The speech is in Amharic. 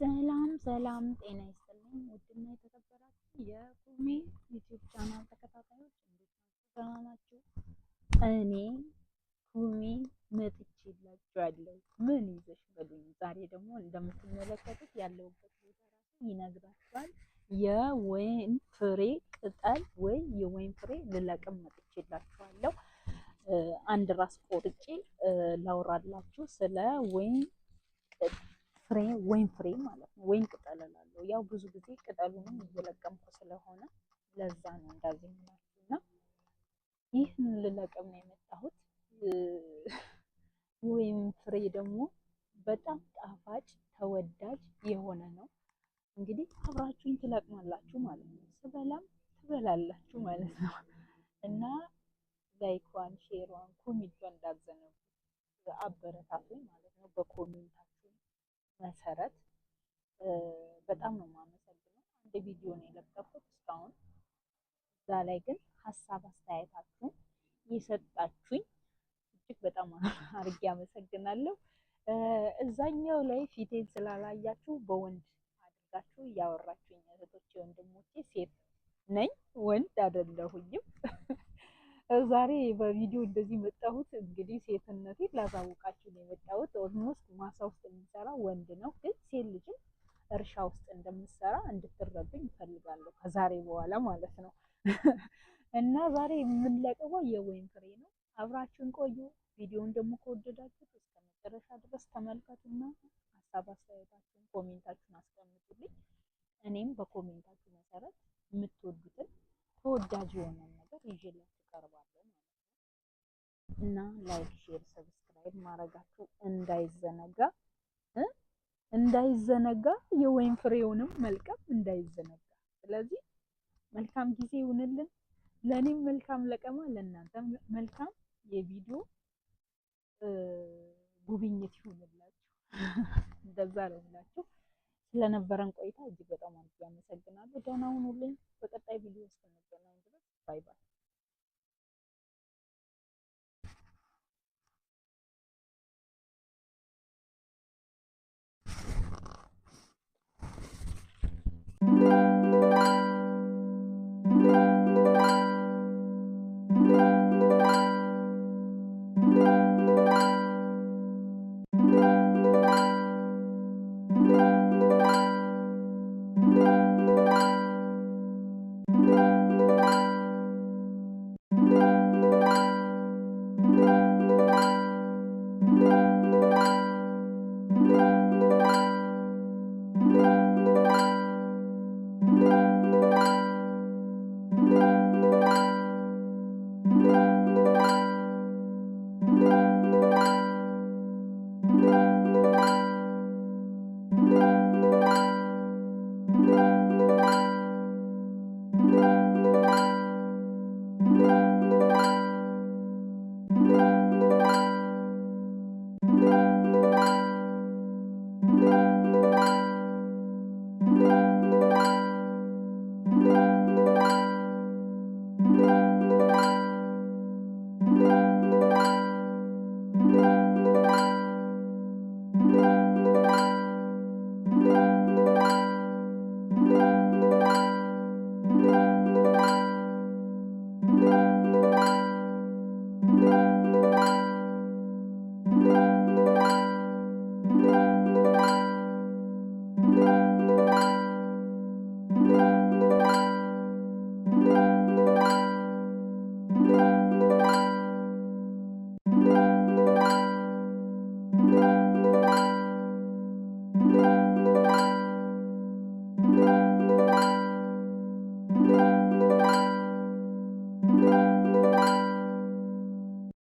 ሰላም ሰላም፣ ጤና ይስጥልኝ ውድና የተከበራችሁ የኩርሜ ዩቲዩብ ቻናል ተከታታዮች እንዴት ናችሁ? ደህና ናችሁ? እኔ ኩርሜ መጥቼላችኋለሁ። ምን ይዘሽ በሉኝ። ዛሬ ደግሞ እንደምትመለከቱት ያለውበት ቦታ ራሱ ይነግራችኋል። የወይን ፍሬ ቅጠል ወይ የወይን ፍሬ ልለቅም መጥቼላችኋለሁ። አንድ ራስ ቆርጬ ላውራላችሁ ስለ ወይን ፍሬ ወይን ፍሬ ማለት ነው። ወይን ቅጠል እላለሁ። ያው ብዙ ጊዜ ቅጠሉንም እየለቀምኩ ስለሆነ ለዛ ነው እንደዚህ የምላችሁ እና ይህን ልለቅም ነው የመጣሁት። ወይን ፍሬ ደግሞ በጣም ጣፋጭ ተወዳጅ የሆነ ነው። እንግዲህ አብራችሁን ትለቅማላችሁ ማለት ነው። ስበላም ትበላላችሁ ማለት ነው እና ላይክዋን፣ ሼሯን፣ ኮሜንቷን እንዳዘነጉ አበረታቱኝ ማለት ነው በኮሜንት መሰረት በጣም ነው የማመሰግነው። አንድ ቪዲዮ ነው የለቀኩት እስካሁን። እዛ ላይ ግን ሀሳብ አስተያየታችሁን እየሰጣችሁኝ እጅግ በጣም አርጌ አመሰግናለሁ። እዛኛው ላይ ፊቴን ስላላያችሁ በወንድ አድርጋችሁ እያወራችሁኝ እህቶቼ፣ ወንድሞቼ ሴት ነኝ ወንድ አይደለሁኝም። ዛሬ በቪዲዮ እንደዚህ መጣሁት። እንግዲህ ሴትነቴ ላሳውቃችሁ ነው የመጣሁት። ኦልሞስት ማሳ ውስጥ የሚሰራ ወንድ ነው፣ ግን ሴት ልጅም እርሻ ውስጥ እንደምሰራ እንድትረብኝ ይፈልጋለሁ ከዛሬ በኋላ ማለት ነው። እና ዛሬ የምንለቅመው የወይን ፍሬ ነው። አብራችን ቆዩ። ቪዲዮውን ደግሞ ከወደዳችሁት እስከ መጨረሻ ድረስ ተመልከቱና ሀሳብ አስተያየታችሁን ኮሜንታችሁን አስቀምጡልኝ። እኔም በኮሜንታችሁ መሰረት የምትወዱትን ተወዳጅ የሆነን ነገር ይዤላችሁ ቀርባለሁ ማለት ነው። እና ላይክ፣ ሼር፣ ሰብስክራይብ ማድረጋችሁ እንዳይዘነጋ እንዳይዘነጋ የወይን ፍሬውንም መልቀም እንዳይዘነጋ። ስለዚህ መልካም ጊዜ ይሁንልን። ለእኔም መልካም ለቀማ፣ ለእናንተም መልካም የቪዲዮ ጉብኝት ይሁንላችሁ። እንደዛ ነው ብላችሁ ስለነበረን ቆይታ እጅግ በጣም አመሰግናለሁ። ደህና ሁኑልኝ። በቀጣይ ቪዲዮ እስክንገናኝ